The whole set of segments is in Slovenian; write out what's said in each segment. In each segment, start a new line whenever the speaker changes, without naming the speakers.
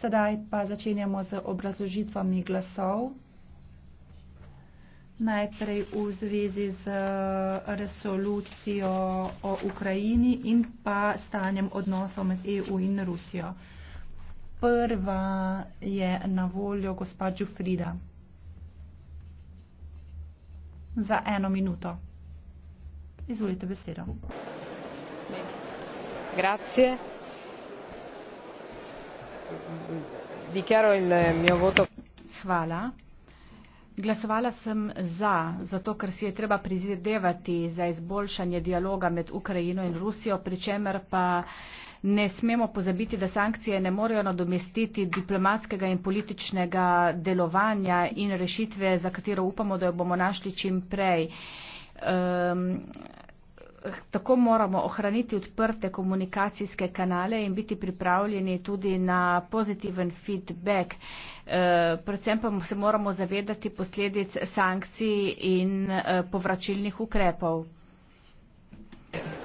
Sedaj pa začenjamo z obrazložitvami glasov. Najprej v zvezi z eh, resolucijo o Ukrajini in pa stanjem odnosov med EU in Rusijo. Prva je na voljo gospa Džufrida za eno minuto. Izvolite besedo. Grazie. Hvala. Glasovala sem za, zato ker si je treba prizadevati za izboljšanje dialoga med Ukrajino in Rusijo, pri čemer pa ne smemo pozabiti, da sankcije ne morejo nadomestiti diplomatskega in političnega delovanja in rešitve, za katero upamo, da jo bomo našli čim prej. Um, tako moramo ohraniti odprte komunikacijske kanale in biti pripravljeni tudi na pozitiven feedback. Eh, predvsem pa se moramo zavedati posledic sankcij in eh, povračilnih ukrepov.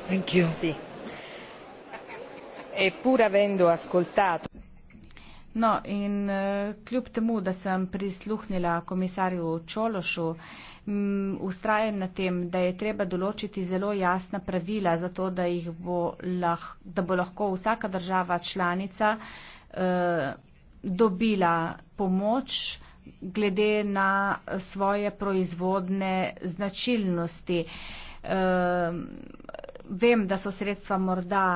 Thank you. Eppure avendo ascoltato. No in eh, kljub temu, da sem prisluhnila komisarju Čološu, ustrajen mm, na tem, da je treba določiti zelo jasna pravila za to, da, bo, lah, da bo lahko vsaka država članica eh, dobila pomoč glede na svoje proizvodne značilnosti. Eh, vem, da so sredstva morda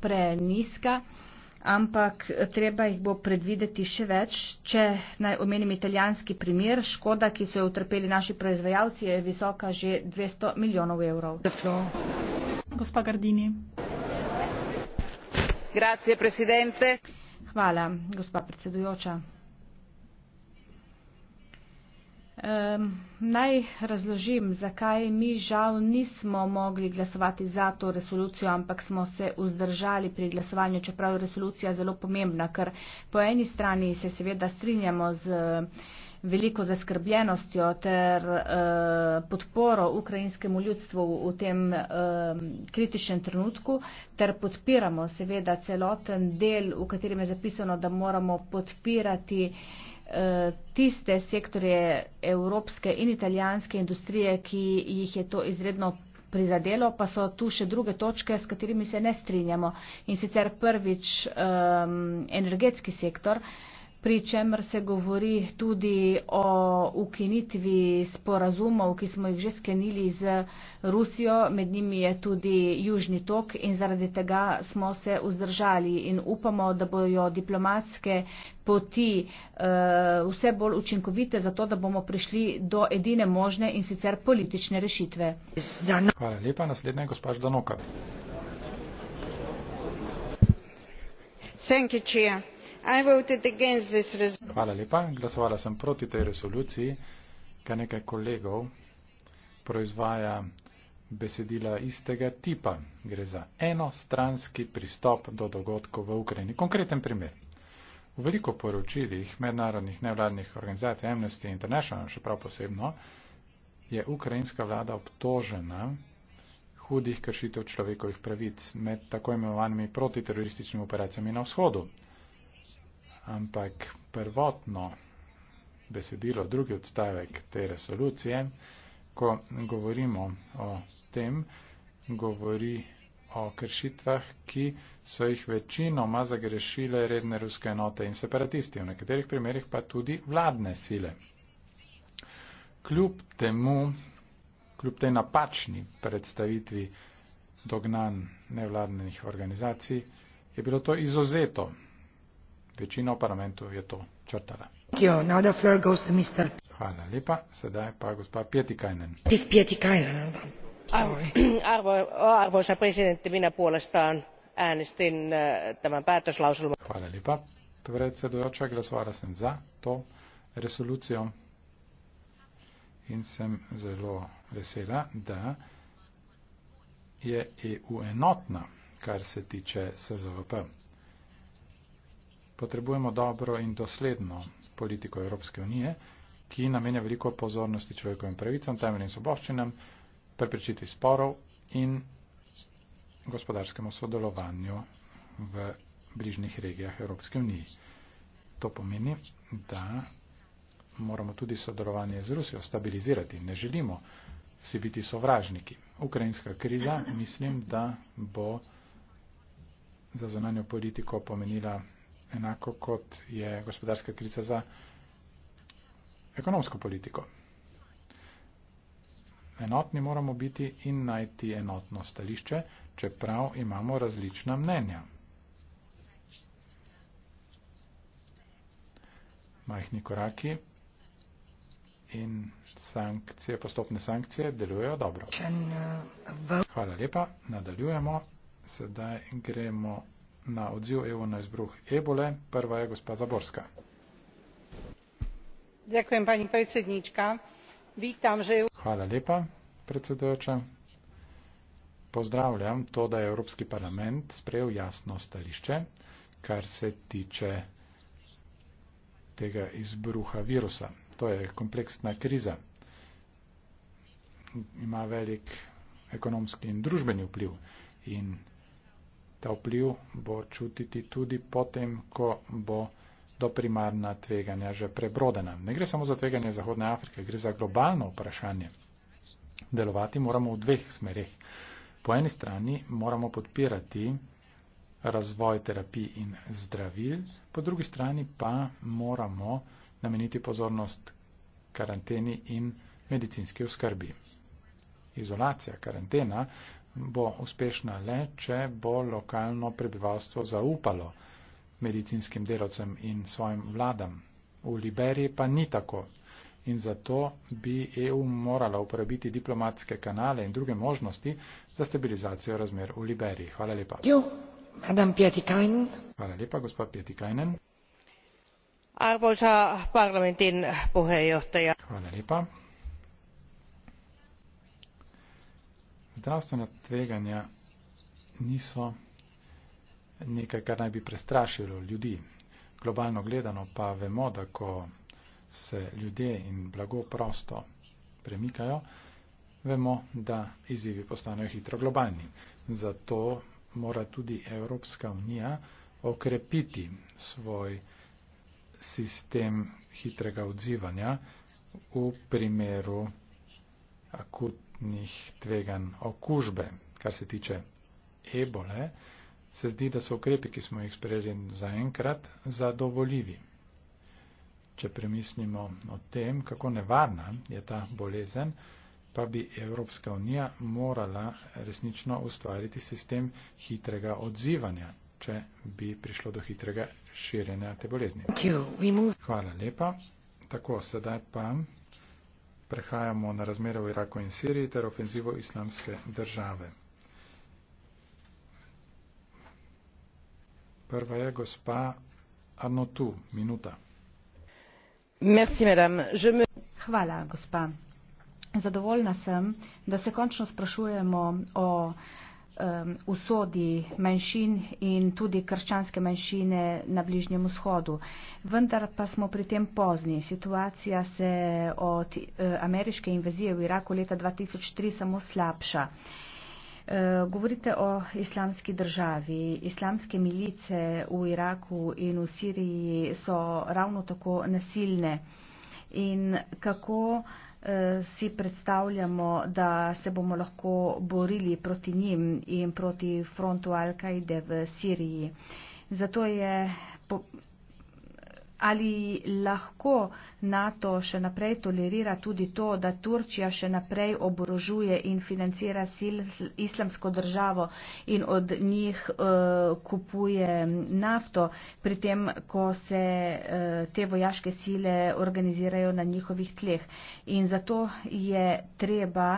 preniska ampak treba jih bo predvideti še več. Če naj omenim italijanski primer, škoda, ki so jo utrpeli naši proizvajalci, je visoka že 200 milijonov evrov. Gospa Gardini. Grazie, Hvala, gospa predsedujoča. Um, naj razložim, zakaj mi žal nismo mogli glasovati za to resolucijo, ampak smo se vzdržali pri glasovanju, čeprav je resolucija zelo pomembna, ker po eni strani se seveda strinjamo z veliko zaskrbljenostjo ter uh, podporo ukrajinskemu ljudstvu v tem um, kritičnem trenutku ter podpiramo seveda celoten del, v katerem je zapisano, da moramo podpirati uh, Eh, tiste sektorje evropske in italijanske industrije, ki jih je to izredno prizadelo, pa so tu še druge točke, s katerimi se ne strinjamo. In sicer prvič um, energetski sektor. Uh, pri čemer se govori tudi o ukinitvi sporazumov, ki smo jih že skenili z Rusijo, med njimi je tudi Južni tok in zaradi tega smo se vzdržali in upamo, da bojo diplomatske poti eh, vse bolj učinkovite, zato da bomo prišli do edine možne in sicer politične rešitve.
Hvala lepa, naslednja je gospod Danoka.
Thank you, Chair.
Hvala lepa. Glasovala sem proti tej resoluciji, ker nekaj kolegov proizvaja besedila istega tipa. Gre za enostranski pristop do dogodkov v Ukrajini. Konkreten primer. V veliko poročilih mednarodnih nevladnih organizacij Amnesty International, še prav posebno, je ukrajinska vlada obtožena hudih kršitev človekovih pravic med tako imenovanimi protiterorističnimi operacijami na vzhodu ampak prvotno besedilo, drugi odstavek te resolucije, ko govorimo o tem, govori o kršitvah, ki so jih večinoma zagrešile redne ruske enote in separatisti, v nekaterih primerjih pa tudi vladne sile. Kljub temu, kljub tej napačni predstavitvi dognan nevladnih organizacij, je bilo to izuzeto Večina v parlamentu je to črtala. Hvala lepa. Sedaj pa gospa Pietikainen. Hvala lepa. Predsedujoča, glasovala sem za to resolucijo in sem zelo vesela, da je EU enotna, kar se tiče SZVP potrebujemo dobro in dosledno politiko Evropske unije, ki namenja veliko pozornosti človekovim pravicam, temeljnim soboščinam, preprečiti sporov in gospodarskemu sodelovanju v bližnjih regijah Evropske unije. To pomeni, da moramo tudi sodelovanje z Rusijo stabilizirati. Ne želimo si biti sovražniki. Ukrajinska kriza, mislim, da bo za zonanjo politiko pomenila enako kot je gospodarska kriza za ekonomsko politiko. Enotni moramo biti in najti enotno stališče, čeprav imamo različna mnenja. Majhni koraki in sankcije, postopne sankcije delujejo dobro. Hvala lepa, nadaljujemo. Sedaj gremo na odziv EU na izbruh ebole. Prva je gospa Zaborska.
Ďakujem, pani predsedníčka. Vítam,
že... Hvala lepa, predsedujoča. Pozdravljam to, da je Evropski parlament sprejel jasno stališče, kar se tiče tega izbruha virusa. To je kompleksna kriza. Ima velik ekonomski in družbeni vpliv in Ta vpliv bo čutiti tudi potem, ko bo do primarna tveganja že prebrodena. Ne gre samo za tveganje Zahodne Afrike, gre za globalno vprašanje. Delovati moramo v dveh smereh. Po eni strani moramo podpirati razvoj terapij in zdravil, po drugi strani pa moramo nameniti pozornost karanteni in medicinski oskrbi. Izolacija, karantena bo uspešna le, če bo lokalno prebivalstvo zaupalo medicinskim delavcem in svojim vladam. V Liberiji pa ni tako. In zato bi EU morala uporabiti diplomatske kanale in druge možnosti za stabilizacijo razmer v Liberiji. Hvala lepa. Hvala lepa, gospod Pietikajnen.
Arvoisa parlamentin puheenjohtaja.
Hvala lepa. Zdravstvena tveganja niso nekaj, kar naj bi prestrašilo ljudi. Globalno gledano pa vemo, da ko se ljudje in blago prosto premikajo, vemo, da izzivi postanejo hitro globalni. Zato mora tudi Evropska unija okrepiti svoj sistem hitrega odzivanja v primeru akutnega dodatnih tvegan okužbe. Kar se tiče ebole, se zdi, da so ukrepi, ki smo jih sprejeli zaenkrat, zadovoljivi. Če premislimo o tem, kako nevarna je ta bolezen, pa bi Evropska unija morala resnično ustvariti sistem hitrega odzivanja, če bi prišlo do hitrega širjenja te bolezni. Hvala lepa. Tako, sedaj pa Prehajamo na razmere v Iraku in Siriji ter ofenzivo islamske države. Prva je gospa Arnotu, minuta. Merci, me...
Hvala, gospa. Zadovoljna sem, da se končno sprašujemo o um, usodi manjšin in tudi krščanske manjšine na Bližnjem vzhodu. Vendar pa smo pri tem pozni. Situacija se od uh, ameriške invazije v Iraku leta 2003 samo slabša. Eh, govorite o islamski državi. Islamske milice v Iraku in v Siriji so ravno tako nasilne. In kako si predstavljamo, da se bomo lahko borili proti njim in proti frontu Al-Kaide v Siriji. Zato je Ali lahko NATO še naprej tolerira tudi to, da Turčija še naprej oborožuje in financira sil, islamsko državo in od njih uh, kupuje nafto, pri tem, ko se uh, te vojaške sile organizirajo na njihovih tleh. In zato je treba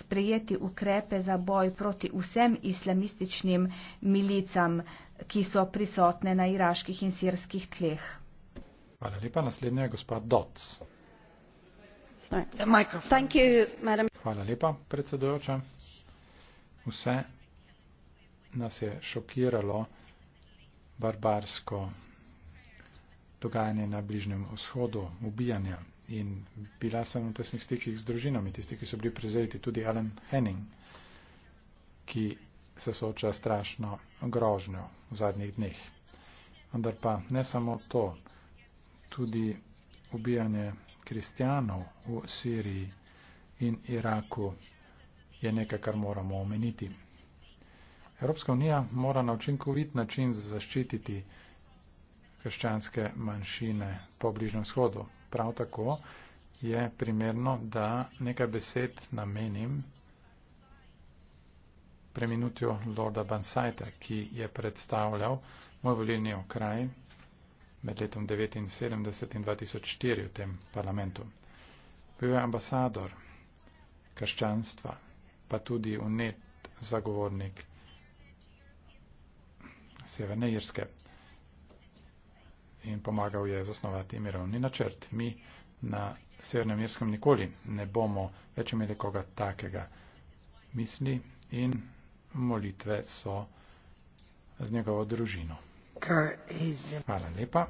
sprejeti ukrepe za boj proti vsem islamističnim milicam, ki so prisotne na iraških in sirskih
tleh. Hvala lepa. Naslednja je gospod Dots. Hvala lepa, predsedojoča. Vse nas je šokiralo barbarsko dogajanje na Bližnjem vzhodu, ubijanje in bila sem v tesnih stikih z družinami, tisti, ki so bili prezeti, tudi Alan Henning, ki se sooča strašno grožnjo v zadnjih dneh. Vendar pa ne samo to, tudi ubijanje kristijanov v Siriji in Iraku je nekaj, kar moramo omeniti. Evropska unija mora na učinkovit način zaščititi krščanske manjšine po Bližnjem shodu prav tako je primerno, da nekaj besed namenim preminutju Lorda Bansajta, ki je predstavljal moj volilni okraj med letom 1979 in 2004 v tem parlamentu. Bil je ambasador krščanstva, pa tudi unet zagovornik Severne Irske in pomagal je zasnovati mirovni načrt. Mi na Severnem Irskem nikoli ne bomo več imeli koga takega. Misli in molitve so z njegovo družino. Hvala lepa.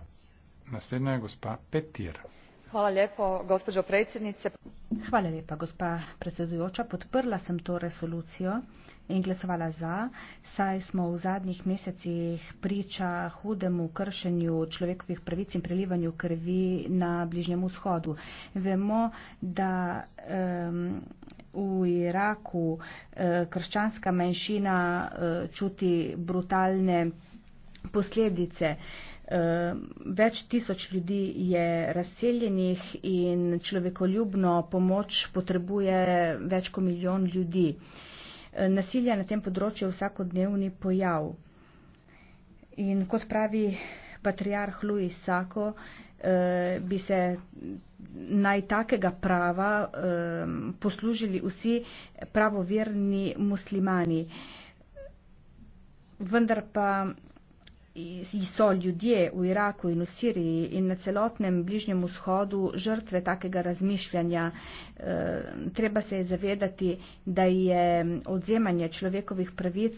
Naslednja je gospa Petir
gospa predsedujoča podprla sem to resolucijo in glasovala za saj smo v zadnjih mesecih priča hudemu kršenju človekovih pravic in prelivanju krvi na bližnjem vzhodu vemo da um, V Iraku eh, krščanska manjšina eh, čuti brutalne posledice. Ehm, več tisoč ljudi je razseljenih in človekoljubno pomoč potrebuje več kot milijon ljudi. Ehm, Nasilje na tem področju je vsakodnevni pojav. In kot pravi patriarh Louis Sako, ehm, bi se naj takega prava poslužili vsi pravoverni muslimani. Vendar pa so ljudje v Iraku in v Siriji in na celotnem bližnjem vzhodu žrtve takega razmišljanja. Eh, treba se je zavedati, da je odzemanje človekovih pravic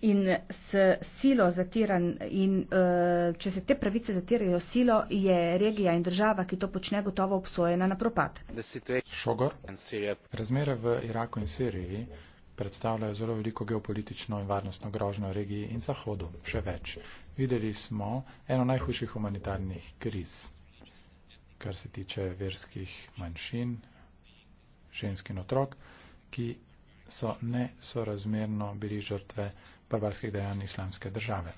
in s silo zatiran in eh, če se te pravice zatirajo silo, je regija in država, ki to počne, gotovo obsojena na propad.
Šogor, razmere v Iraku in Siriji predstavljajo zelo veliko geopolitično in varnostno grožnjo regiji in Zahodu. Še več. Videli smo eno najhujših humanitarnih kriz, kar se tiče verskih manjšin, žensk in otrok, ki so nesorazmerno bili žrtve barbarskih dejanj islamske države.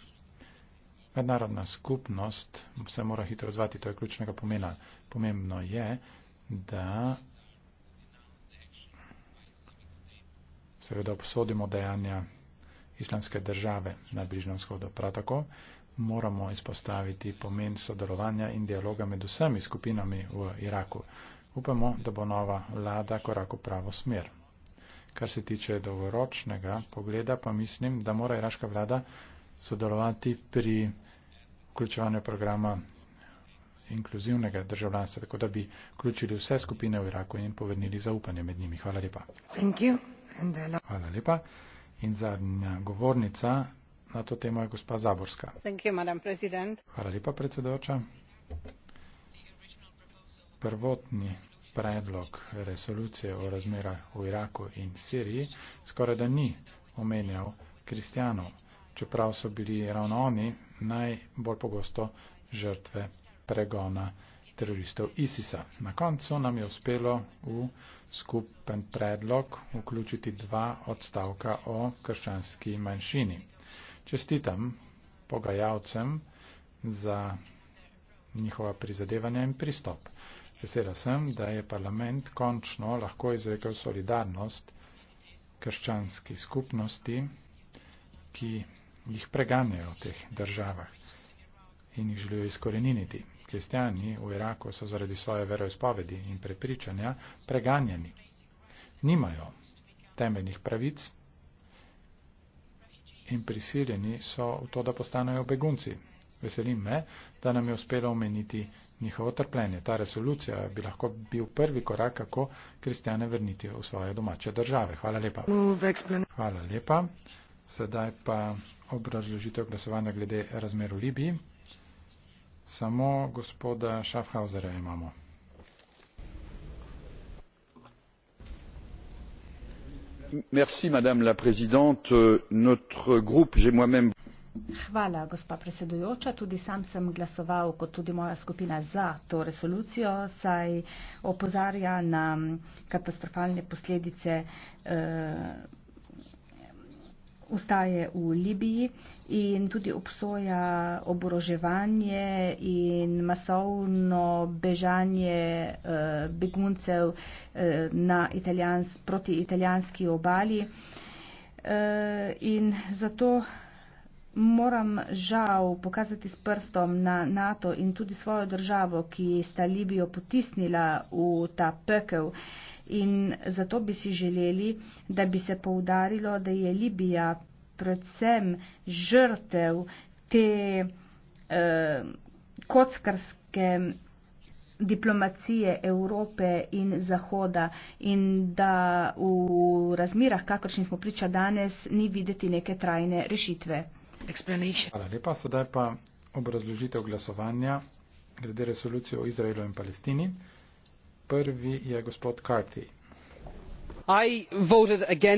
Mednarodna skupnost se mora hitro odzvati, to je ključnega pomena. Pomembno je, da seveda obsodimo dejanja islamske države na Bližnjem vzhodu. Prav tako moramo izpostaviti pomen sodelovanja in dialoga med vsemi skupinami v Iraku. Upamo, da bo nova vlada korak v pravo smer. Kar se tiče dolgoročnega pogleda, pa mislim, da mora iraška vlada sodelovati pri vključevanju programa inkluzivnega državljanstva, tako da bi vključili vse skupine v Iraku in povrnili zaupanje med njimi. Hvala lepa. Hvala lepa. In zadnja govornica na to temo je gospa Zaborska.
You,
Hvala lepa, predsedoča. Prvotni predlog resolucije o razmerah v Iraku in Siriji skoraj da ni omenjal kristjanov, čeprav so bili ravno oni najbolj pogosto žrtve pregona teroristov ISIS-a. Na koncu nam je uspelo v skupen predlog vključiti dva odstavka o krščanski manjšini. Čestitam pogajalcem za njihova prizadevanja in pristop. Vesela sem, da je parlament končno lahko izrekel solidarnost krščanski skupnosti, ki jih preganjajo v teh državah in jih želijo izkoreniniti kristijani v Iraku so zaradi svoje veroizpovedi in prepričanja preganjeni. Nimajo temeljnih pravic in prisiljeni so v to, da postanejo begunci. Veselim me, da nam je uspelo omeniti njihovo trpljenje. Ta resolucija bi lahko bil prvi korak, kako kristijane vrniti v svoje domače države. Hvala lepa. Hvala lepa. Sedaj pa obrazložitev glasovanja glede razmer v Libiji. Samo gospoda Schaffhauserja imamo. Merci, madame la présidente. Notre groupe, j'ai moi-même.
Hvala, gospa predsedujoča. Tudi sam sem glasoval, kot tudi moja skupina, za to resolucijo, saj opozarja na katastrofalne posledice eh, ostaje v Libiji in tudi obsoja oboroževanje in masovno bežanje eh, beguncev eh, na italijans, proti italijanski obali. Eh, in zato moram žal pokazati s prstom na NATO in tudi svojo državo, ki sta Libijo potisnila v ta pekel in zato bi si želeli, da bi se poudarilo, da je Libija predvsem žrtev te eh, kockarske diplomacije Evrope in Zahoda in da v razmirah, kakršni smo priča danes, ni videti neke trajne rešitve.
Hvala lepa, sedaj pa obrazložitev glasovanja glede resolucije o Izraelu in Palestini. Prvi je gospod Carthy.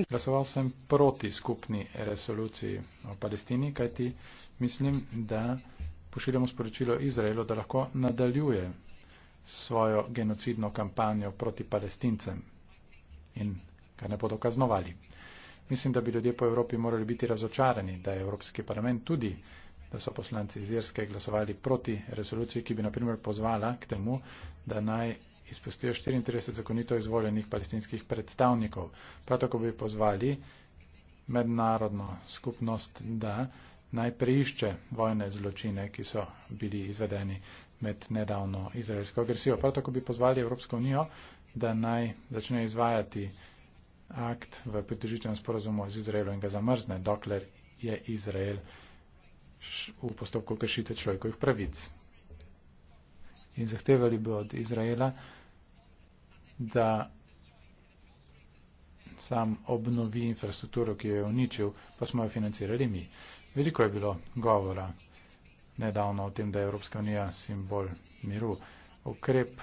Glasoval sem proti skupni resoluciji o Palestini, kajti mislim, da pošiljamo sporočilo Izraelu, da lahko nadaljuje svojo genocidno kampanjo proti palestincem in ga ne bodo kaznovali. Mislim, da bi ljudje po Evropi morali biti razočarani, da je Evropski parlament tudi, da so poslanci iz Irske glasovali proti resoluciji, ki bi naprimer pozvala k temu, da naj izpustijo 34 zakonito izvoljenih palestinskih predstavnikov. Prav tako bi pozvali mednarodno skupnost, da naj preišče vojne zločine, ki so bili izvedeni med nedavno izraelsko agresijo. Prav tako bi pozvali Evropsko unijo, da naj začne izvajati akt v pridružitvenem sporozumu z Izraelom in ga zamrzne, dokler je Izrael v postopku kršitve človekovih pravic. In zahtevali bi od Izraela, da sam obnovi infrastrukturo, ki jo je uničil, pa smo jo financirali mi. Veliko je bilo govora nedavno o tem, da je Evropska unija simbol miru. Ukrep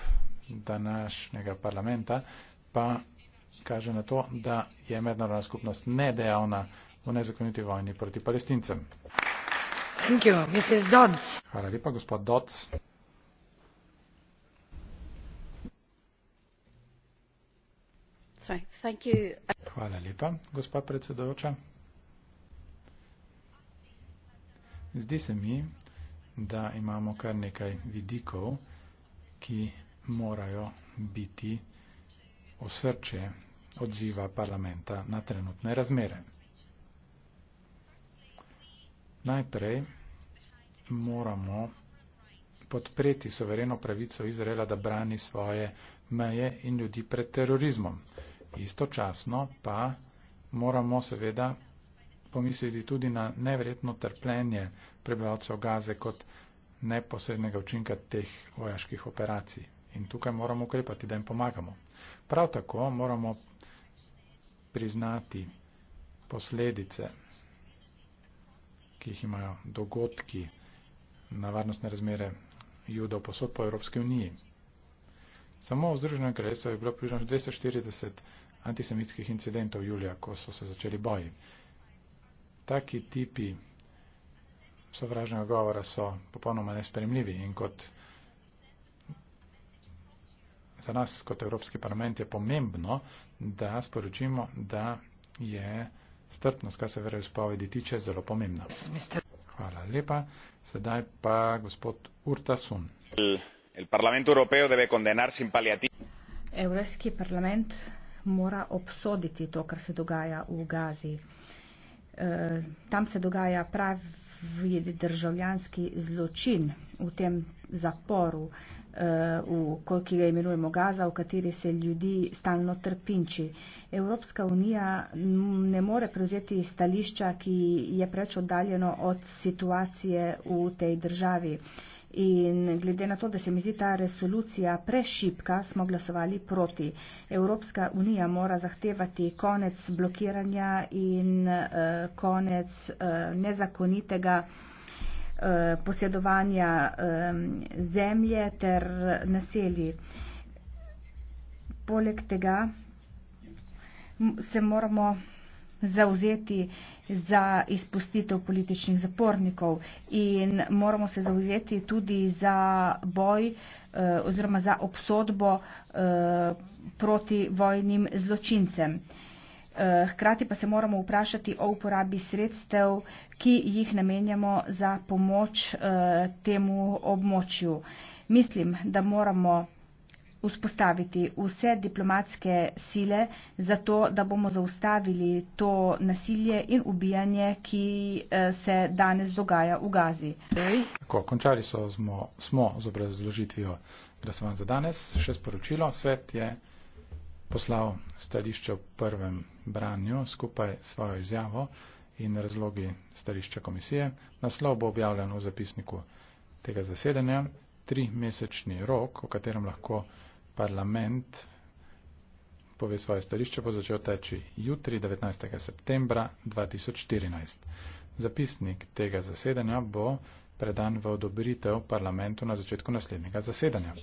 današnjega parlamenta pa kaže na to, da je mednarodna skupnost nedejavna v nezakoniti vojni proti palestincem. Hvala lepa, gospod Doc. Hvala lepa, gospod predsedojoča. Zdi se mi, da imamo kar nekaj vidikov, ki morajo biti osrče odziva parlamenta na trenutne razmere. Najprej moramo podpreti sovereno pravico Izraela, da brani svoje meje in ljudi pred terorizmom istočasno pa moramo seveda pomisliti tudi na nevredno trpljenje prebivalcev Gaze kot neposrednega učinka teh vojaških operacij. In tukaj moramo ukrepati, da jim pomagamo. Prav tako moramo priznati posledice, ki jih imajo dogodki na varnostne razmere judov posod po Evropski uniji. Samo v Združenem kraljestvu je bilo približno 240 antisemitskih incidentov julija, ko so se začeli boji. Taki tipi sovražnega govora so popolnoma nespremljivi in kot za nas, kot Evropski parlament, je pomembno, da sporočimo, da je strpnost, kar se verjajo spovedi, tiče zelo pomembna. Hvala lepa. Sedaj pa gospod Urtasun. Hvala el parlamento europeo debe condenar sin paliativos.
Evropski parlament mora obsoditi to, kar se dogaja v Gazi. E, tam se dogaja pravi državljanski zločin v tem zaporu, e, v, ki ga imenujemo Gaza, v kateri se ljudi stalno trpinči. Evropska unija ne more prevzeti stališča, ki je preveč oddaljeno od situacije v tej državi. E, In glede na to, da se mi zdi ta resolucija prešipka, smo glasovali proti. Evropska unija mora zahtevati konec blokiranja in eh, konec eh, nezakonitega eh, posjedovanja eh, zemlje ter naselji. Poleg tega se moramo zauzeti za izpustitev političnih zapornikov in moramo se zauzeti tudi za boj eh, oziroma za obsodbo eh, proti vojnim zločincem. Eh, hkrati pa se moramo vprašati o uporabi sredstev, ki jih namenjamo za pomoč temu območju. Mislim, da moramo vzpostaviti vse diplomatske sile za to, da bomo zaustavili to nasilje in ubijanje, ki eh, se danes dogaja v Gazi.
Ko končali so, smo, smo z obrazložitvijo glasovanj za danes, še sporočilo. Svet je poslal stališče v prvem branju skupaj svojo izjavo in razlogi stališča komisije. Naslov bo objavljen v zapisniku tega zasedanja. Tri mesečni rok, o katerem lahko parlament pove svoje stališče, bo začel teči jutri 19. septembra 2014. Zapisnik tega zasedanja bo predan v odobritev parlamentu na začetku naslednjega zasedanja.